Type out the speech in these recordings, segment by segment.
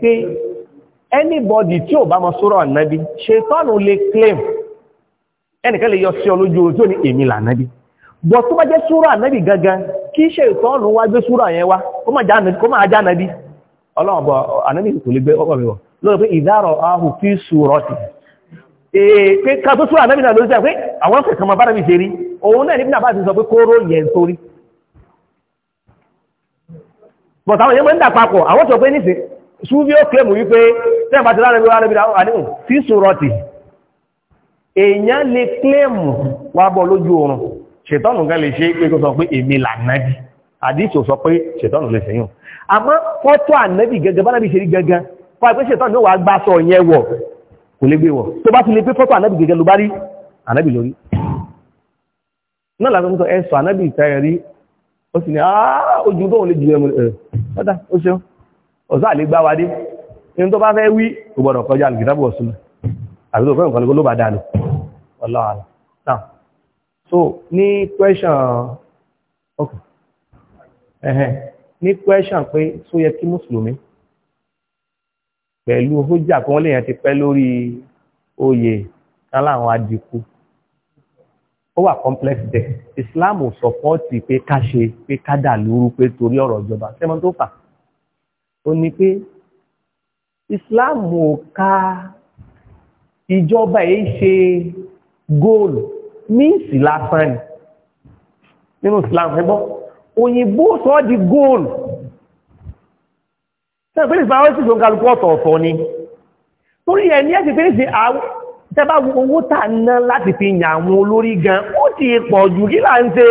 pé anybody tí ò bá mọ sọ́rọ̀ ànábí ṣètọ́nù lè claim ẹnìkan lè yọ sí ọlójú ojú ní èmi lànábí bọ̀ tó bá jẹ́ ànábí gangan kí ṣètọ́nù wá gbé sọ́rọ̀ yẹn kó máa já ànábí ọlọ́run ànábí kò lè gbé ọkọ̀ mi wọ̀ pé ìdárọ̀ ahù fi sùúrọ̀ tì pé ká tó ànábí náà ló sẹ́ pé àwọn máa bára mi ṣe rí òun náà níbi náà ṣúbí ó kèmù wípé tẹ́bà ti láàrin wíwá lẹ́bìnà àníhùn tí sùrọ̀tì èèyàn lè kèmù wà bọ́ lójú oorun ṣètọ́nù gan lè ṣe pé kó sọ pé èmi lànàbì àdíṣò sọ pé ṣètọ́nù lè sẹ́yìn àmọ́ fọ́tọ́ ànàbì gẹ́gẹ́ bá nàbì ṣe rí gẹ́gẹ́ fọ́ àpé ṣètọ́nù yóò wá gbá sọ yẹn wọ̀ kò lè gbé wọ̀ tó bá ti lè pé fọ́tọ́ ànàbì gẹ́gẹ́ ọ̀sá lè gbá wadé inú tó bá fẹ́ wí kò gbọ́dọ̀ kọjá alìkìtàbù ọ̀sùn àti tó fẹ́ nǹkan ló bá dánù ọlọ́wàlá náà so ní question ok ẹ̀hẹ́n ní question pé só yẹ kí mùsùlùmí pẹ̀lú hójà kí wọ́n lè yẹn ti pẹ́ lórí oyè kan láwọn adìkú ó wà complex dẹ̀ Islam sọpọ́ọ̀tì pé ká ṣe pé ká dà lóru pé torí ọ̀rọ̀ ìjọba sẹ́mọ́ tó fà á ó ní pé Islam ò ka ìjọba yìí ṣe góòlù míìsì lásán ni nínú Islam ẹ gbọ́ òyìnbó sọ di góòlù sẹ́yìn pé ìsìlámù ẹ̀sìn tó ń kálukú ọ̀tọ̀ọ̀tọ̀ ni torí ẹ̀ ní ẹ̀sìn pé ìsìn tẹ́bá owó tà ná láti fi yàn àwọn olórí gan ó ti pọ̀ jù kí là ń ṣe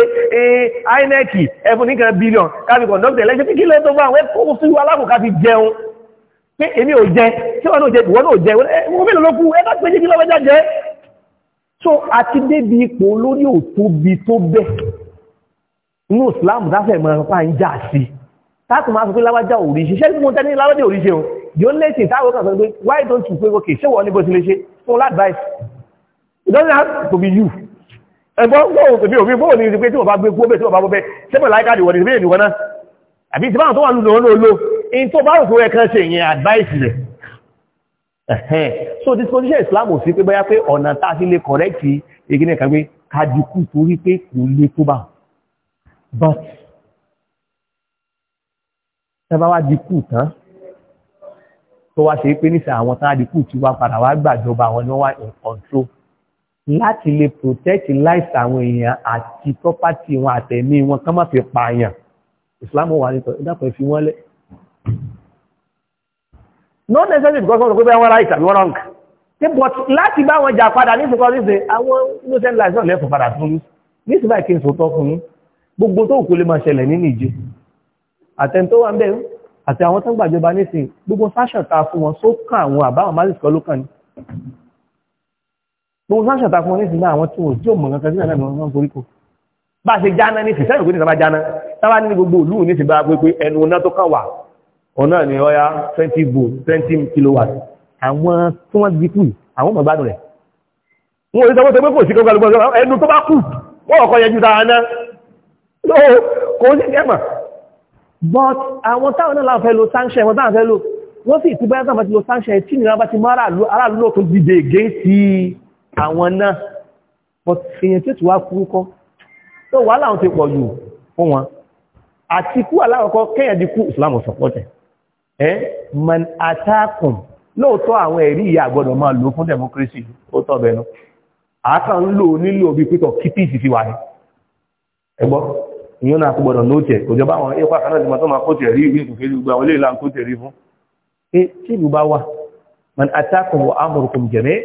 INEC ẹfún nìkan billion káfí kọ̀ǹdọ́tẹ̀ lẹ́sẹ̀ kí lẹ́ tó bá àwọn sí wa lákòókà jẹun pé èmi ò jẹ tí wọn ò jẹ ìwọ náà jẹ wọn mélòó ló ẹ bá pèjì kí lọ́wọ́ jáde so àti débi ipò olórí ò tóbi tó bẹ́ inú Islam dáfẹ́ mọ́ ọ̀pá ń jà sí táàkùn máa kan sọ pé why don't you pay okay ṣé wọ́n ní bó ti lè ṣe fún advice. it doesn't have to be you ẹgbọ́n wọ́n òkèmí òmí bóò ní ìrìnpé tí wọ́n bá gbé gbóbẹ̀ tí wọ́n bá gbóbẹ̀ sẹ́mọ̀ láìkáàdì wọ̀n ìrìnpé ìrìnwọ́n náà àbí ti báwọn tó wà lùlọ olóòlò in tó bá rùkú ẹ̀kan ṣe ìyẹn advice rẹ̀ ẹ̀hẹ́n so disposition Islam ò sí pé báyá pé ọ̀nà tá a ti lè correct ìgbìnà kan pé kájukú torí pé kò lè tó bá but ẹ bá wá dikú tán tó wá ṣe pé nísà àwọn tán àdínkù tí wá padà wá gbàjọba àwọn ni wọ́n wà in control láti lè protect lives àwọn èèyàn àti property wọn àtẹ̀mí wọn kán má fi pààyàn Islam wà nítorí ìdàpọ̀ ìfi wọ́n lẹ̀ not necessarily because wọ́n sọ pé bẹ́ẹ̀ wọ́n right àbí wọ́n wrong ṣe but láti bá wọn jà padà ní ìfúnpá ní ṣe àwọn innocent lives náà lẹ́fọ̀ padà fún yín ní ìsìnbá ìkíni sòótọ́ fún yín gbogbo tó kò lè máa ṣẹlẹ̀ nínú ìjẹ àtẹ̀ntó wa ń bẹ̀rù àti àwọn tó ń gbàjọba nísìn gbogbo sáṣọ̀ ta fún wọn só kàn àwọn àbáwọn málìsì kan ló kàn ní gbogbo sáṣọ̀ ta fún wọn nísìn náà àwọn tí wọn ò tí ò mọ̀ kankan sí àná wọn gorí kò bá a ṣe jáná nísìn sẹ́yìn kò ní sábà jáná sábà ní gbogbo òlú nísìn bá pé pé ẹnu ọ̀nà tó kàn wà ọ̀nà ní ọya twenty bo twenty kilowatt àwọn tí wọ́n di kù àwọn ọmọ gbádùn rẹ̀ wọn ò ní sọ́wọ́ sọ pé kò sí kankan lọ́gbọ́n ẹnu tó bá kù wọ́n kọ́ yẹjú dáadáa but àwọn táwọn náà láwọn fẹ́ lo sanction wọn táwọn fẹ́ lo wọ́n sì ìtúgbẹ́ sáwọn ti lo sanction tí nìyàn bá ti mọ́ aráàlú náà tó dìde gé sí àwọn náà but èyàn tí ó ti wá kú kọ́ tó wà láwọn ti pọ̀ jù fún wọn àti kú aláwọ̀kọ́ kéèyàn di kú Islam sọ̀pọ̀tẹ̀ ẹ́ man atakùn lóòótọ́ àwọn ẹ̀rí ìyá àgbọ̀dọ̀ máa lò fún democracy ó tọ́ bẹ̀nu àákàn ń lò nílò bí pítọ̀ kí píìsì fi wà ní ẹgbọ́n ìyọ́n náà gbọ́dọ̀ lóòtẹ̀ òjọba àwọn ẹ̀kọ́ àkànà ìgbà tó máa kó tẹ̀ rí ìwé ìkùnkè gbogbo àwọn iléèlà ń kó tẹ̀ rí fún pé tí ìlú bá wà man atákùn wọ amòrùkùn jẹ̀mẹ́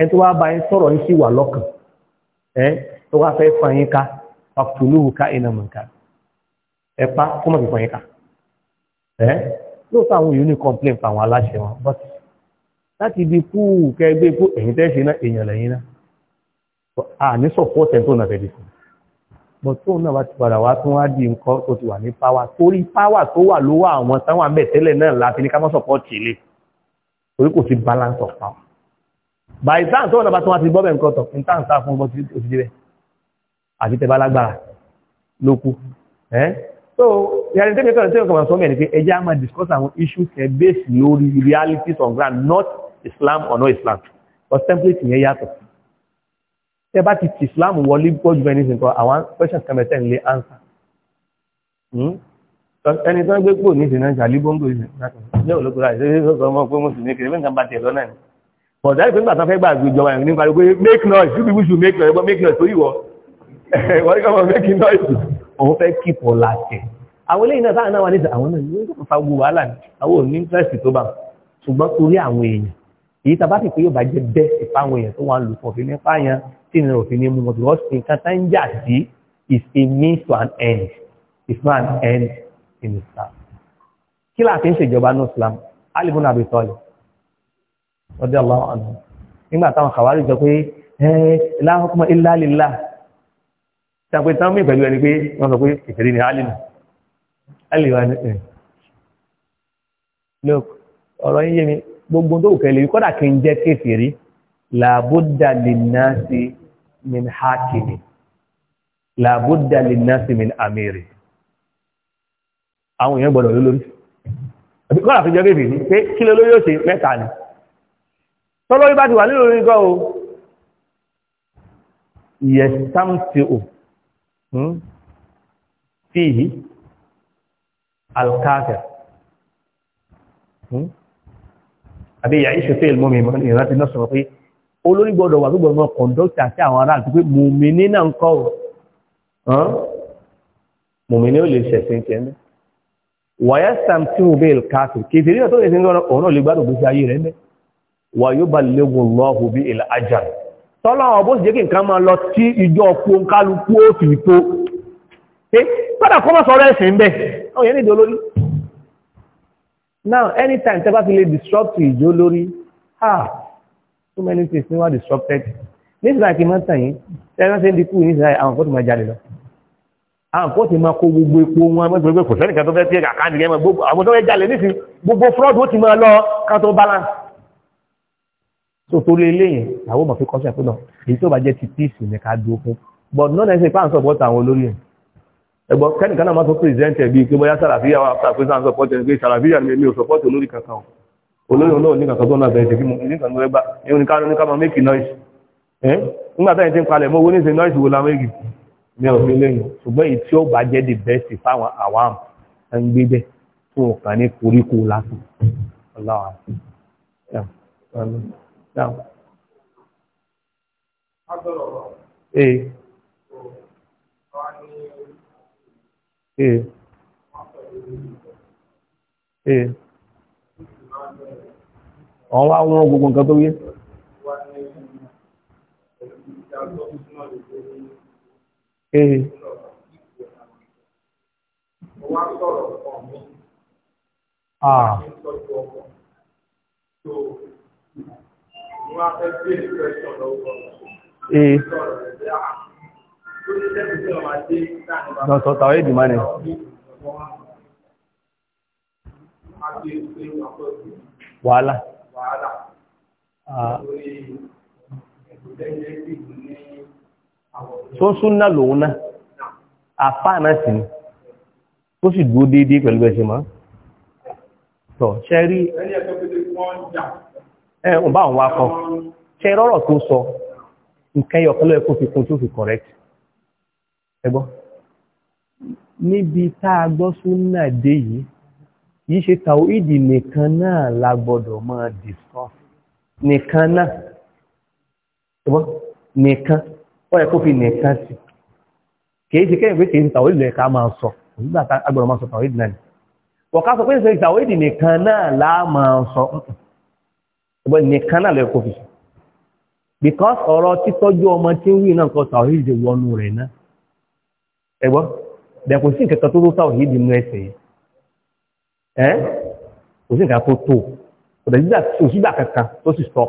ẹ tó wá bá yín sọ̀rọ̀ yín sí wà lọ́kàn ẹ tó wá fẹ́ fà ká fàkùlùhù ká iná mọ̀ǹkà ẹ pa kó má fi fà ká ẹ lóòótọ́ àwọn yìí ní complain fún àwọn aláṣẹ wọn but láti ibi púù kẹgbẹ́ púù èyí tẹ́ ṣe náà èèyàn lẹ́yìn náà à ní support bọ̀ tóun náà bá ti padà wá tún wá di nǹkan tó ti wà ní páwà torí páwà tó wà lọ́wọ́ àwọn táwọn àmì ẹ̀tẹ́lẹ̀ náà láti ní ká mọ́ sọ̀pọ̀tì ilé torí kò sí balance of power by the time tóun náà bá tún wá ti bọ́bẹ̀ nǹkan tọ̀ ní táwọn sáà fún bọ́sí òsì débẹ̀ àti tẹ bá lágbára ló kú ẹ́ so yàrá tẹ́mi kan tẹ́mi kan sọ mí pé ẹ jẹ́ á discuss àwọn issues ẹ̀ based lórí realities on ground not Islam or no Islam but template yẹn yàtọ̀ tẹ́ bá ti ti islam wọlé pọ̀jù bẹ́ẹ̀ nísìnyí kan àwọn questions kan mẹ́tẹ́ ń lé answer hmm? ẹni tó ń gbé pò nísìnyí náà jàlí bóńgò ìsìn náà ṣé olóko rà ṣe ṣe sọ ọmọ pé mùsùlùmí kiri nǹkan bá tiẹ̀ lọ́nà ni bọ̀dá ìpín gbà tán fẹ́ gbà ìjọba ìrìn nípa pé make noise you people should make noise make noise torí wọ wọ́n ní kọ́mọ make noise òun fẹ́ keep ọ̀ láti àwọn eléyìí náà sáà náà wà níta àwọn náà ní wọ́n fa gbogbo wàhálà àwọn ò ní interest tó bá ṣùgbọ́n torí àwọn èèyàn èyí tàbá sì pé yóò bá jẹ bẹ́ẹ̀ ìfáwọn èèyàn tó wà ń lò fún òfin nípa yẹn tí ìnira òfin ní mú wọn because nǹkan tá ń jà sí is a means to an end is not an end in Islam kí láti ń ṣèjọba ní Islam Ali ibn Abi Talib radiyallahu anhu nígbà táwọn kàwárí sọ pé eh, la hukma illa lillah ṣàpè tán mí pẹ̀lú ẹni pé wọ́n sọ pé ìfẹ̀rí ni Ali nù Ali ẹ̀ eh. look ọ̀rọ̀ yín yé mi gbogbo tó kẹlẹ̀ yìí kọ́dà kí n jẹ́ kéfèrí làbúdà lè ná sí min hákìmì làbúdà lè ná sí min àmìrì àwọn èèyàn gbọ́dọ̀ lólórí kọ́dà tó jẹ́ kéfèrí pé kí ló lórí ó ṣe mẹ́ta ni tọ́lọ́rí bá ti wà nílò orin gan o àbí ìyà ìṣẹ́ fẹ́ ìlmọ́mí ìrántí náà sọ̀rọ̀ pé olórí gbọ́dọ̀ wà gbogbo ọmọ kọ̀ǹdọ́tì àti àwọn ará àti pé mùmíní náà ń kọ́ mùmíní ó lè ṣẹ̀sìn tiẹ̀ mẹ́ wàyà sam tí mo bẹ́ẹ̀ káàkiri kìtìrí náà tó lè ṣe ń rọrùn òun náà lè gbádùn gbèsè ayé rẹ̀ mẹ́ wà yóò bá léwu lọ́hù bí ilẹ̀ ajá tọ́lá àwọn bó now anytime tẹ́ bá fi lè disrupt ìjó lórí ah too many things ni wọ́n disrupted nígbà tí wọ́n tàn yín tẹ́lá ṣe ń di kú ní ìsirayà àwọn kóòtù máa jáde lọ àwọn kóòtù máa kó gbogbo epo wọn gbogbo kò sẹ́nìkan tó fẹ́ tí ẹ̀ka àkáǹtì yẹn gbogbo àwọn tó fẹ́ jalè nísìn gbogbo fraud ó ti máa lọ kan tó balance so torí eléyìn làwọn ò mọ̀ fi kọ́ṣẹ́ pé náà èyí tó bá jẹ́ ti peace ní ká dúró fún but none of us pa à ń sọ̀bọ̀tà àwọn olórí yẹn ẹgbọ́ kẹ́nìkan náà máa tó pèsèntẹ̀ bíi pé bóyá sàràfíà wà fún àpèsè àǹsọ̀ pọ́tẹ̀ pé sàràfíà ni mi ò sọpọ́tì olórí kankan o olórí olóò ní kankan tó náà bẹ̀rẹ̀ sí nìkan ló ẹgbà ẹ̀hún nìkan ní ká máa mékì noise ẹ̀ nígbà táyẹ̀ ti ń palẹ̀ mọ́ owó ní ṣe noise wo la méjì mi ò fi lẹ́yìn ṣùgbọ́n èyí tí ó bá best fáwọn àwam ń gbé bẹ́ tó o kàn ní koríko lásán Eh. Eh. wá wọ́n gbogbo nǹkan tó yé. Eh. Ah. Eh. Dọ̀tọ̀ tàwé ìdìmá ni. Wàhálà. Tó súnná lòun náà, àpá náà sì ni, tó sì dúó déédéé pẹ̀lú ẹ̀ṣẹ̀ máa. Tọ̀, ṣẹ́ sọ, nǹkan ẹyọ pẹ̀lú ẹkùn fi kún fi correct. ẹgbọ́ níbi tá a gbọ́ súnà dé yìí yìí ṣe tàwídì nìkan náà la gbọ́dọ̀ máa discuss nìkan náà ẹgbọ́ nìkan wọ́n yẹ kó fi nìkan sí kìí ṣe kẹ́yìn pé kìí ṣe tàwídì lẹ́ka máa sọ nígbà tá a gbọ́dọ̀ máa sọ tàwídì náà ni wọ́n ká sọ pé ṣe nìkan náà la máa sọ ẹgbọ́ nìkan náà ló yẹ kó fi sọ because ọ̀rọ̀ títọ́jú ọmọ tí ń wí náà wọnú rẹ̀ náà. ẹgbọ́n bẹ̀rẹ̀ kò sí nǹkan tó tó sáwọ̀ yìí nínú ẹsẹ̀ yìí ẹ́ kò sí nǹkan tó tó kò dẹ̀ sígbà kò sígbà kankan tó sì sọ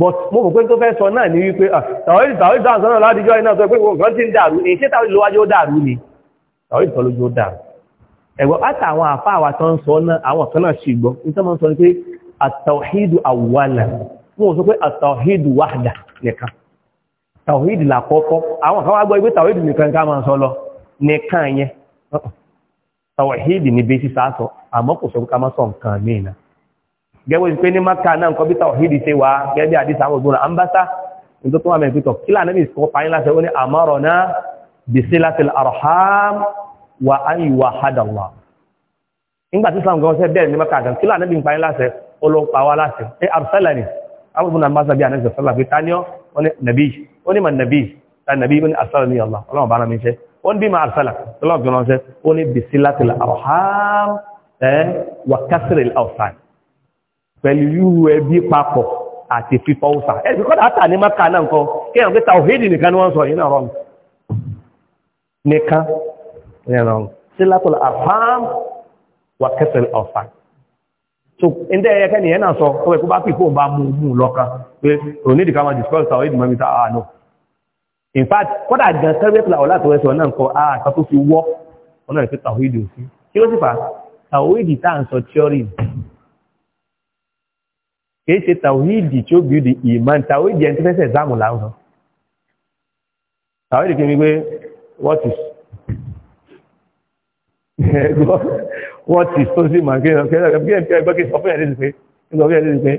but mo rò pé tó fẹ́ sọ náà ní wípé tàwọn ìdí tàwọn ìdí tàwọn sọ́nà ládìjọ́ iná sọ pé nǹkan ti ń dàrú ni ṣé táwọn ìlúwájú ó dàrú ni tàwọn ìdí tọ́lójú ó dàrú ẹ̀gbọ́n àtàwọn àfa àwa tó ń sọ náà àwọn kan náà ṣì gbọ́ nítorí wọ́n sọ pé àtàwọ̀hídù àwọ̀là wọ́n sọ pé àtàwọ̀hídù wàhádà nìkan tàwíìdì làkọ́kọ́ àwọn kan wá gbọ́ ibi tàwíìdì nìkan ká máa sọ lọ nìkan yẹn tàwíìdì ní bí sísá sọ àmọ́ kò sọ pé ká máa sọ nǹkan míì náà gẹ́gbẹ́ ti pé ní maka náà nǹkan bí tàwíìdì ṣe wá gẹ́gẹ́ àdìsá àwọn ògbóná àmbásá nítorí tó wà mẹ́rin pítọ̀ kí lànà mi sọ fàáyín láti ní àmọ́rọ̀ náà bèsè láti arham wa ayi wa hadàlá nígbà tí islam gan ṣe bẹ́ẹ̀ ní maka gan kí lànà mi fàáyín láti wọ́n ní nàbí wọ́n ní ma nàbí ta nàbí wọ́n ní arsala ní Allah ọlọ́run bá mi ṣe wọ́n bí ma arsala ọlọ́run fi ránṣẹ́ wọ́n ní bisilatil arham wa kasril awsan pẹ̀lú ẹbí papọ̀ àti fífọ́ òsà ẹ̀sì kọ́dà àtà ní maka náà nǹkan kí ẹ̀rọ pẹ́ta òhèdè nìkan ni wọ́n sọ yìí náà rọrùn nìkan rọrùn sílátọ̀lá arham wa kasril awsan so ndé ẹyẹ kẹ́ni ẹ̀ náà sọ ó ẹkú bá pì fóun bá mú mú lọ́kàn pé òun ní ìdíkà máa discuss àwọn ìdìmọ̀ mi sáà ah, in fact kódà gan sẹ́rẹ́tì làwọn láti wẹ́sọ̀ náà kọ ara ah, kan tó fi wọ́ ọ̀nà ìfẹ́ tàwídì òsì kí ló sì fà tàwídì tá à ń sọ tíọ́rì kì í ṣe tàwídì tí ó bí di ìmọ̀ tàwídì ẹni tó fẹ́ sẹ̀ záàmù láwùjọ tàwídì kí wọ́n ti tó sí màá kéèyàn kẹ́ẹ̀kẹ́ ọ̀fẹ́ ẹ̀dẹ́ ti pé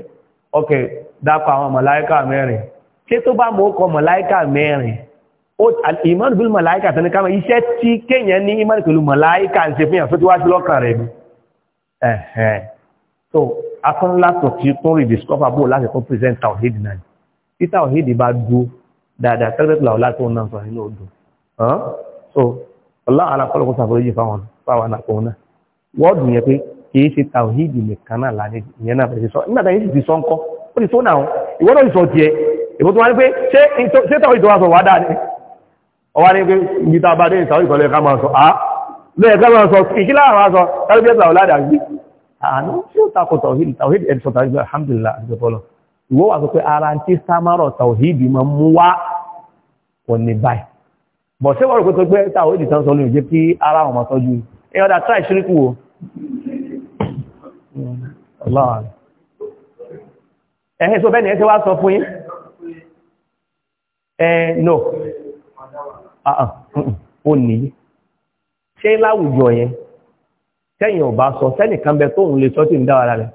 ọkẹ̀ dápa àwọn màláíkà mẹ́rin ṣé tó bá mọ́ kọ màláíkà mẹ́rin ìmọ̀nù bí màláíkà tẹ́ni ká iṣẹ́ tí kéèyàn ní ìmọ̀nù pẹ̀lú màláíkà ń ṣe fihàn tó ti so akọ́ ńlá tó ti tún rí discover bó láti tún present tawhid náà tí tawhid bá dúró dáadáa sẹ́gbẹ́tì làwọn láti wọn náà sọ nínú odò so wọ́ọ̀dù yẹn pé kìí ṣe tàwíìdì nìkan náà láti ìyẹn náà fẹ́ sọ nígbà tí yìí ti sọ ń kọ́ ó ti tó náà ìwọ́n náà ti sọ tiẹ̀ èbó tó wá ní pé ṣé tàwíìdì wa sọ wá dáa ni ọwá ní pé ibi tá a bá dé ìtàwíìdì kan lè ká máa sọ á lẹ́yìn ká máa sọ kìkí láàrín wa sọ kárí bí ẹ̀sà ọ̀làdà gbé àánú tí ó takò tàwíìdì tàwíìdì ẹ̀sọ̀ tàwíìdì alhamdulillah àdìsọ̀tọ̀lọ̀ ìwọ́ wà sọ pé ara ń tí sámárọ̀ tàwíìdì máa mú wá kò ní báyìí bọ̀ ṣé wọ́n rò pé tó gbé tàwíìdì tán sọ lóyún jẹ́ kí ara wọn máa sọ́jú ẹ̀yọ́dà tíráì ṣíríkù ẹ̀hẹ́ tó bẹ́ni ẹ̀ṣẹ́ wá sọ fún yín ẹ̀ no ó ní ṣe láwùjọ yẹn tẹ́yìn ọba sọ sẹ́nìkan bẹ tóun lè sọ́tí ń dáwàrá rẹ̀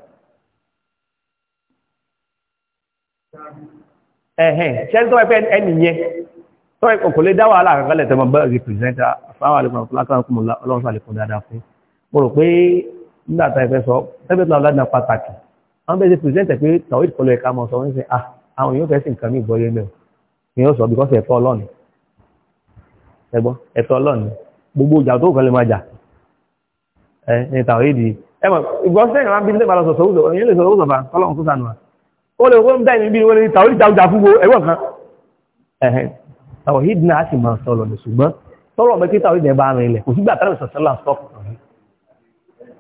ẹ̀hẹ́n ṣe tó ẹgbẹ́ ẹni yẹn tó ẹkọ̀ kò lè dáwàrá rẹ̀ tẹ́mọ̀ bẹ́ẹ̀ mo rò pé nígbà tá ìfẹ́ sọ tẹ́bẹ̀ tó lọ́dún pàtàkì wọ́n bẹ́ẹ̀ ṣe pìrìsẹ́ǹtẹ̀ pé tàwọn ìkọlọ ẹ̀ka mọ̀ sọ wọ́n ṣe ah àwọn èèyàn fẹ́ sí nǹkan ní ìgbọ́yé mẹ́rin èèyàn sọ bíkọ́sì ẹ̀tọ́ ọlọ́ọ̀ni ẹgbọ́n ẹ̀tọ́ ọlọ́ọ̀ni gbogbo ìjà tó fẹ́ lè máa jà ẹ ní tàwọn èdè ẹ mọ̀ ìgbọ́sẹ̀ ìrànlá bí lẹ́bàá lọ sọ̀tọ̀ òwúzọ̀ èèyàn lè sọ̀rọ̀ òwúzọ̀ bá tọ́lọ́run tó sànù wa ó lè wọ́n dá ìbí wọlé tàwọn ìjà ọjà fún ẹgbọ́n ẹ̀ bá rìn ilẹ̀ kò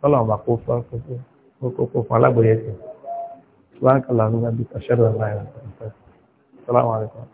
tọ́lọ́wọ́n bá kó fún kókó fún alágbèyẹ sí. Subhanaka Allahumma wa bihamdika ashhadu an la ilaha illa anta astaghfiruka wa atubu ilayk.